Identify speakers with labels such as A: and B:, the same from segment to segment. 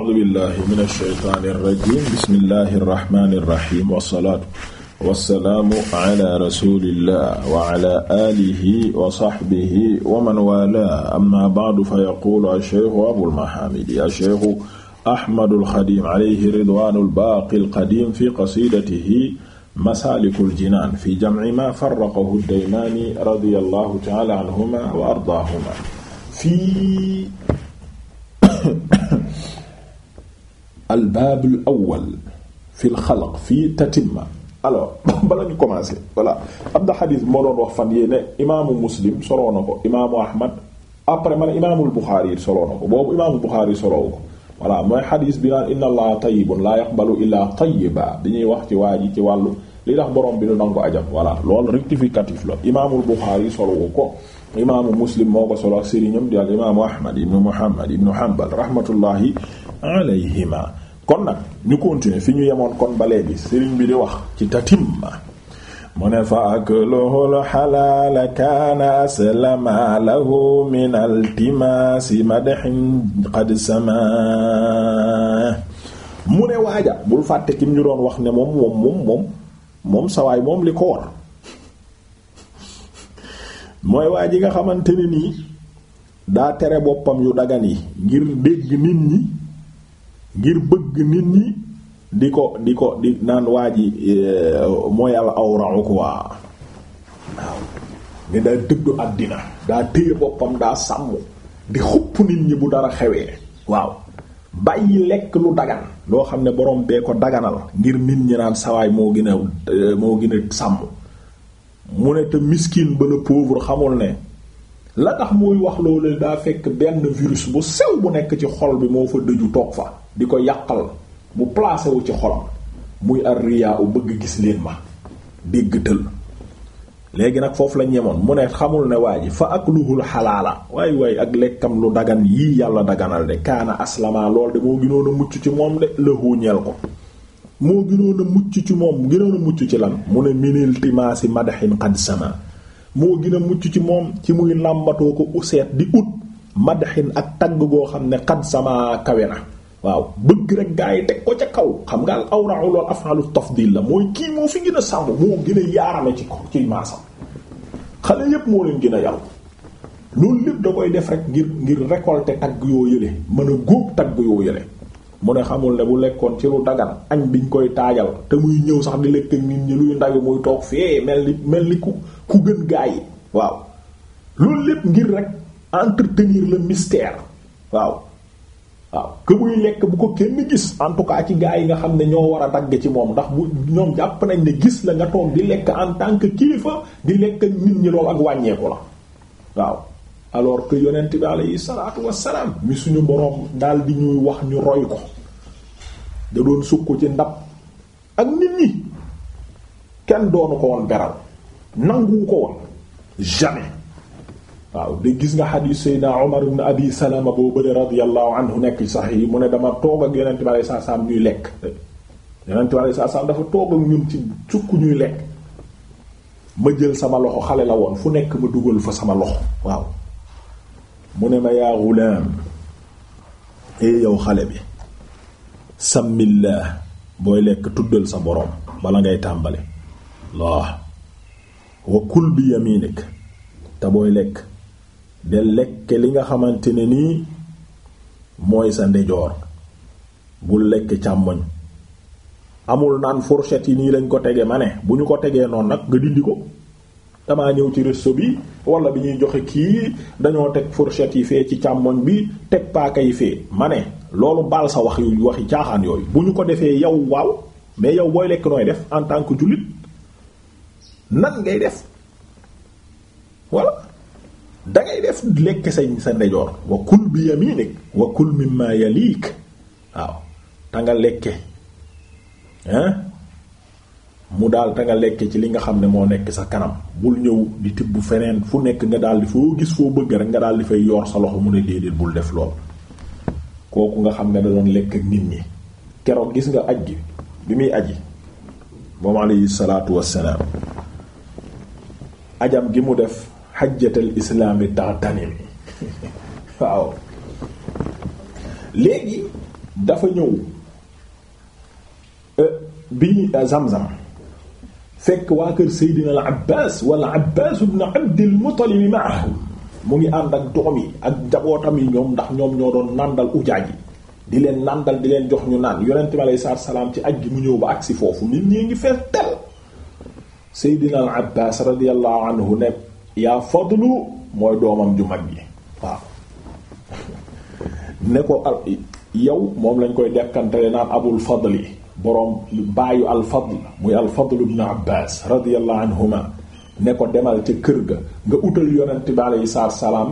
A: a'uuzu billahi mina shaytaani rajiim bismillahi rahmaani rahiim wassalaatu wassalaamu ala rasulillah wa ala aalihi wa sahbihi wa man waalaahu amma ba'du fa yaquulu ash-shaykhu abul mahaamidi ash-shaykhu ahmadul xadiim alayhi ridwaanul baaqil qadiim fi qasiidatihi masaalikul jinaan fi jam'i maa farraqahu ad-daymaani radiyallahu ta'aala anhumaa wa ardaahumaa fi al baabul awwal fil xalq fii tatimma alors bala ñu commencer voilà am na xadis moo doon wax fan yii ne imaamu muslim soloo na ko imaamu ahmad après man imaamul buxaari soloo na ko boobu imaamul buxaari soloo ko voilà mooy xadis bi naan inna allaha tayyibun laa yaqbalu illaa tayyiba dañuy wax ci waa ji ci wàllu li tax borom bi nu nangu ajam voilà loolu rectificatif la imaamul buxaari soloo ko imaamu muslim moo ko solo ak sëriñam di al imaamu ahmad ibnu muhammad ibnu hanbal rahmatullahi alayhima kon nag ñu continuer fi ñu yemoon kon ba léegi sëriñ bi di wax ci tatimma mu ne fa akluhu alxalaala kaana aslama lahu min altimaasi madhin qad sama mu ne waaja bul fàtte kim ñu doon wax ne moom moom moom moom moom moom li ko war mooy waa ji nga xamante ne nii daa tere boppam yu dagan yi ngir dégg nit ñi ngir bëgg nit ñi di ko di ko di naan waa ji e, mooy al awra'u quoi waaw ne daa dëddu àddina daa téye boppam daa sàmm di xupp nit ñi bu dara xewee waaw bàyyi lekk lu dagan loo xam ne borom bee ko daganal ngir nit ñi naan sawaay moo gën moo gën sàmm mu ne te miskin ba le pauvre xamul ne la tax muy wax loolu daa fekk benn virus bu sew bu nekk ci xol bi moo fa dëju toog fa di ko yàqal bu placé ci xolam muy arriyaa u bëgg gis leen ma dégg tël léegi nag foofu la ñemoon mu ne xamul ne waa ji fa ak luhul xalaala waay waay ak lekkam lu dagan yii yàlla daganal de kaana aslama lool de moo gënoon a mucc ci moom de lëxu ñeel ko moo gënoon a mucc ci moom gënoon mucc ci lan mu ne minil timaasi madaxin xad sama moo gën a mucc ci moom ci muy làmbatoo ko useet di ut madaxin ak tagg goo xam ne xad sama kawe na waaw bëgg rek gaa yi teg ko ca kaw xam nga al awra'u lool af'alu tafdil la mooy kii moo fi gën a sàmm moo gën a yaarame ci ko ci maasam xale yépp moo leen gën a yaru loolu lépp da koy def rek ngir ngir récolter tagg yoo yële mën a góob tagg yoo yële mu ne xamul ne bu lekkoon ci lu dagan añ biñ koy taajal te muy ñëw sax di lekk ak nit ñi luy ndawi muy toog fee mel ni mel ni ku ku gën gaa yi waaw loolu lépp ngir rek entretenir le mystère waaw waaw que muy lekk bu ko kenn gis en tout cas ci gaa yi nga xam ne ñoo war a dagg ci moom ndax bu ñoom jàpp nañ ne gis la nga toog di lekk en tant que kilifa di lekk nit ñi lool ak wàññeeku la waaw alors que yonent bi alayhi salaatu wassalaam mi suñu boroom daal di ñuy wax ñu roy ko da doon sukk ci ndab ak nit ñi kenn doonu ko woon beral nangu ko woon jamais waaw de gis nga xadiis Seydina Omar ibn Abi Salama boo bëri radiyallahu anhu nekk sax yi mu ne dama toog ak yonent bi alayhi salaam ñuy lekk yonent bi salaam dafa toog ak ñun ci cukk ñuy lekk ma jël sama loxo xale la woon fu nekk ma dugal fa sama loxo waaw mu ne ma yaa gulaam ee eh yow xale bi sàmmillah booy lekk tuddal sa boroom bala ngay tàmbali waa wa kul bi yaminik te booy lekk del lekk li nga xamante ne nii mooy sa ndejoor bul lekk càmmoñ amul naan fourchette yi nii lañ ko tege ma ne bu ñu ko tegee noonu nag nga dindi ko damaa ñëw ci resto bi wala bi ñuy joxe kii dañoo teg fourchette yi fee ci càmmoñ bi teg paaka yi fee ma ne loolu baal sa wax yu waxi caaxaan yooyu bu ñu ko defee yow waaw mais yow booy lekk nooy def en tant que jullit nan ngay def da def lekk sa sa ndejoor wa kul bi yaminik wa kul mimma yalik waaw ta lekke hein mu daal ta nga lekke ci li nga xam ne moo nekk sa kanam bul ñëw di tibb feneen fu nekk nga daal di foo gis foo bëgg rek nga daal di fay yor sa loxo mu ne déedéet bul def lool kooku nga xam ne da lekk ak nit ñi keroog gis nga aj gi bi muy aji moom alayhi salaatu wassalaam ajam gi mu def xajjatal islaami taxtanim waaw léegi dafa ñëw euh, bi euh, Zamzam fekk waa kër Seydina al Abbaas wala Abbaas ibn Abdil Muttalib ma'ahum mu ngi ànd ak doom yi ak jabootam yi ñoom ndax ñoom ñoo doon nàndal ujaaj yi di leen nàndal di leen jox ñu naan yonent bi aleyhi salaatu salaam ci aj gi mu ñëw ba agsi foofu nit ñi ngi fees tel Seydina al Abbaas radiyallahu anhu ne yaa fadlu mooy doomam ju mag ji waaw ne ko al yow moom lañ koy dekkantele naan abul fadli boroom baayu al fadl muy al fadl ibn abbas radiyallahu anhuma ne ko demal ca kër ga nga utal yonent bi aleyhi salaam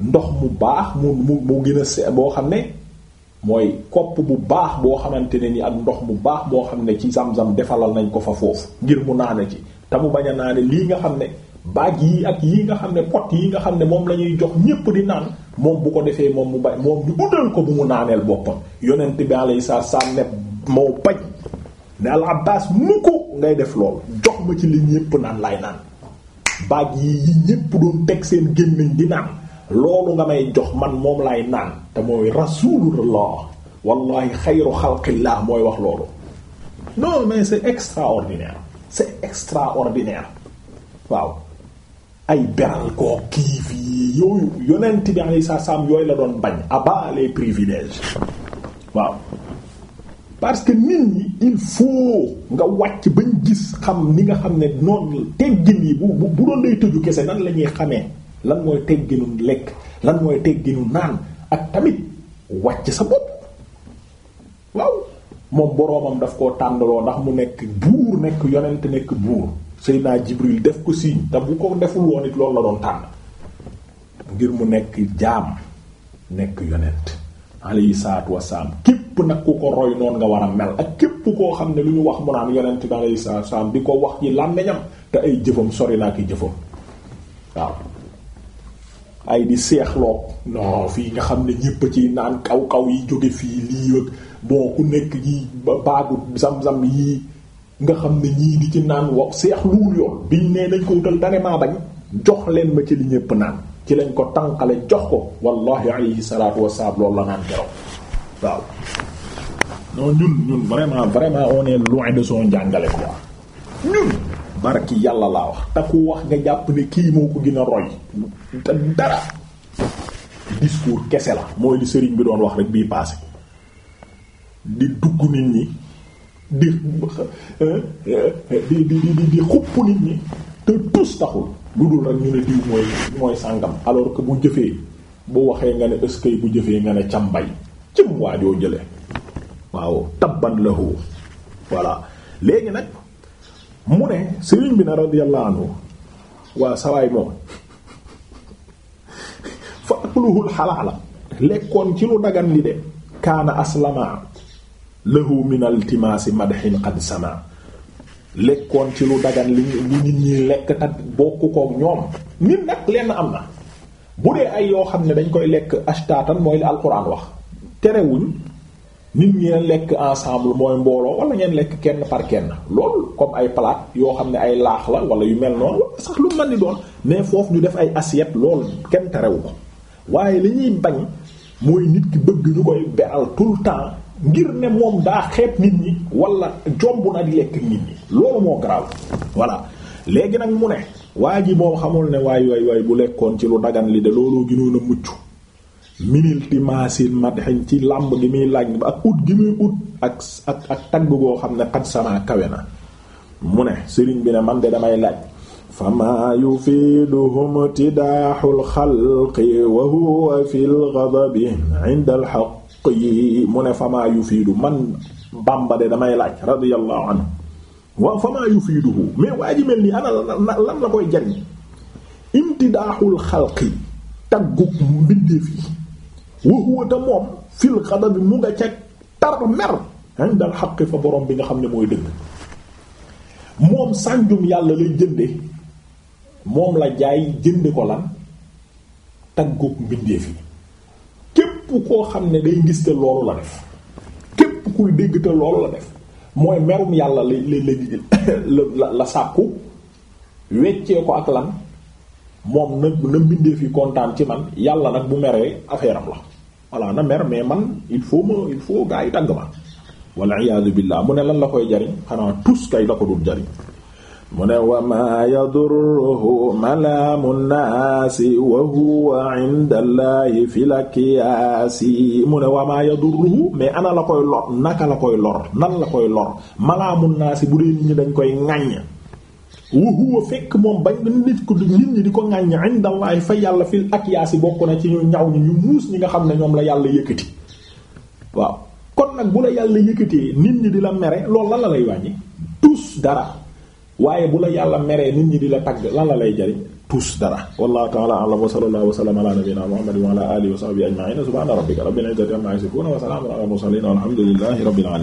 A: ndox mu baax mu mu gën a se boo xam ne mooy kopp bu baax boo xamante ne nii ak ndox mu baax boo xam ne ci zam-zam defalal nañ ko fa foofu ngir mu naane ci te mu bañ a naane lii nga xam ne baag yi ak yi nga xam ne pot yi nga xam ne moom la ñuy jox ñépp di naan moom bu ko defee moom mu bañ moom ñu uddal ko bu mu naaneel boppam yonent bi alayhi salaam ne moo bañ ne al abbas mu ko ngay def lool jox ma ci li ñépp naan lay naan baag yi yi ñépp doon teg seen gémmiñ di naan loolu nga may jox man moom laay naan te mooy rasulullah wallahi xayru xalqillah mooy wax loolu non mais c'est extraordinaire c'est extraordinaire waaw ay beral koo kii fii yooyu yonent bi alayhi salaam yooyu la doon bañ à bas les privilèges waaw parce que nit ñi il faut nga wàcc bañ gis xam ni nga xam ne noonu teggin yi bu bu doon day tëju kese nan la ñuy xamee lan mooy tegginu lekk lan mooy tegginu naan ak tamit wàcc sa bopp waaw moom boroomam daf koo tàndaloo ndax mu nekk buur nekk yonent nekk buur Seydina Jibril def ko signe te bu ko deful woon it loolu la doon tànn ngir mu nekk jaam nekk yonent alayhi salaatu wasalaam képp nag ku ko roy noonu nga war a mel ak képp koo xam ne lu ñu wax mu naan yonent bi alayhi di ko wax ci làmmiñam te ay jëfam sori naa ki jëfam waaw ay di seexloo non fii nga xam ne ñépp ci naan kaw kaw yi jóge fii lii yëg bon ku nekk yi baagu zam-zam yii nga xam ne ñii di ci naan wow seex luul yoon biñ nee nañ ko wutal dane maa bañ jox leen ma ci li ñépp naan ci lañ ko tànqale jox ko wallahi alayhi salaatu wasalaam loolu la naan keroog waaw non ñun ñun vraiment vraiment on est loin de son jàngale quoi ñun barki yàlla laa wax te wax nga jàpp ne kii moo ko gën a roy te dara discours kese la mooy li sëriñ bi doon wax rek bii passé di dugg nit ñi Euh, di di di di di xupp nit ñi te tus taxul lu dul rek ñu ne diw mooy sàngam alors que bu jëfee bu waxee nga ne ëskay bu jëfee nga ne càmbay cim waajoo jële waaw tabban lahu voilà léegi nag bi na radiyallahu anhu waa sawaay moom fa akluhul xalaala lekkoon ci lu dagan li de kaana aslama lahu min altimaasi madhin qad sama lekkoon ci lu dagan li nit ñi lekk te bokk kook ñoom nit nag lenn am na bu dee ay yoo xam ne dañ koy lekk ashtatan mooy li alquran wax terewuñ nit ñeen lekk ensemble mooy mbooloo wala ñeen lekk kenn par kenn loolu comme ay palaat yoo xam ne ay laax la wala yu mel noonu sax lu mën di doon mais foofu ñu def ay assiette lool kenn terewu ko waaye li ñuy bañ mooy nit ki bëgg ñu koy beral tout le temps ngir ne moom daa xeeb nit ñi wala jomb na di lekk nit ñi loolu moo garaaw voilà léegi nag mu ne waa ji boo xamul ne waay waay waay bu lekkoon ci lu dagan li de looloo gënoon a mucc minil ti maasin ci làmb gi muy laaj ba ak ut gi muy ut ak ak tagg goo xam ne xat sama kawe na mu ne sëriñ bi ne man de damay laaj fama yufiiduhum tidaaxul xalqi wa huwa fil ghadabi inda al haqq yi mu ne famaa yufiidu man Bamba de damay laaj radiyallahu anhu waaw famaa yufiiduhu mais waa ji mel nii ana lan la koy jariñ imtidaaxul xalqi taggug mu mbindeef yi wa huwa moom fil xadab mu nga ca tar mer inda al xaqi fa borom bi nga xam ne mooy dëgg moom sànjum yàlla lay jënde moom la jaay jënd ko lan taggug mbindeef yi koo xam ne day gis te loolu la def képp kuy dégg te loolu la def mooy merum yàlla la sàkku weccee ko ak lan moom na na mbindee fi kontaan ci man yàlla nag bu meree affaire am la voilà na mer mais man il faut ma il faut gaa yi tàgg ma walla iyaadu billaah mu ne lan la koy jariñ xanaa tus kay la ko dul jariñ mu ne wa maa yadurruhu malaamu naasi wa huwa inda allahi fi la kiyaasi mu ne wa maa yadurruhu mais ana la koy lor naka la koy lor nan la koy lor malaamu naasi bu dee nit ñi dañ koy ŋàññ wa huwa fekk moom bañ nit ko nit ñi di ko ŋàññ inda allahi fa yàlla fi la kiyaasi bokk na ci ñu ñaw ñi nga xam ne ñoom la yàlla yëkkati waaw kon nag bu la yàlla yëkkatee nit ñi di la mere loolu la la lay wàññi tus dara waaye bu la yàlla meree nit ñi di la tagg lan la lay jariñ tous dara wallahu ta'ala a'lam wa sallallahu wa sallam ala nabiyyina muhammadin wa ala alihi wa sahbihi ajma'in subhana rabbika rabbil izzati amma yasifun wa salamun ala al mursalin walhamdulillahi rabbil alamin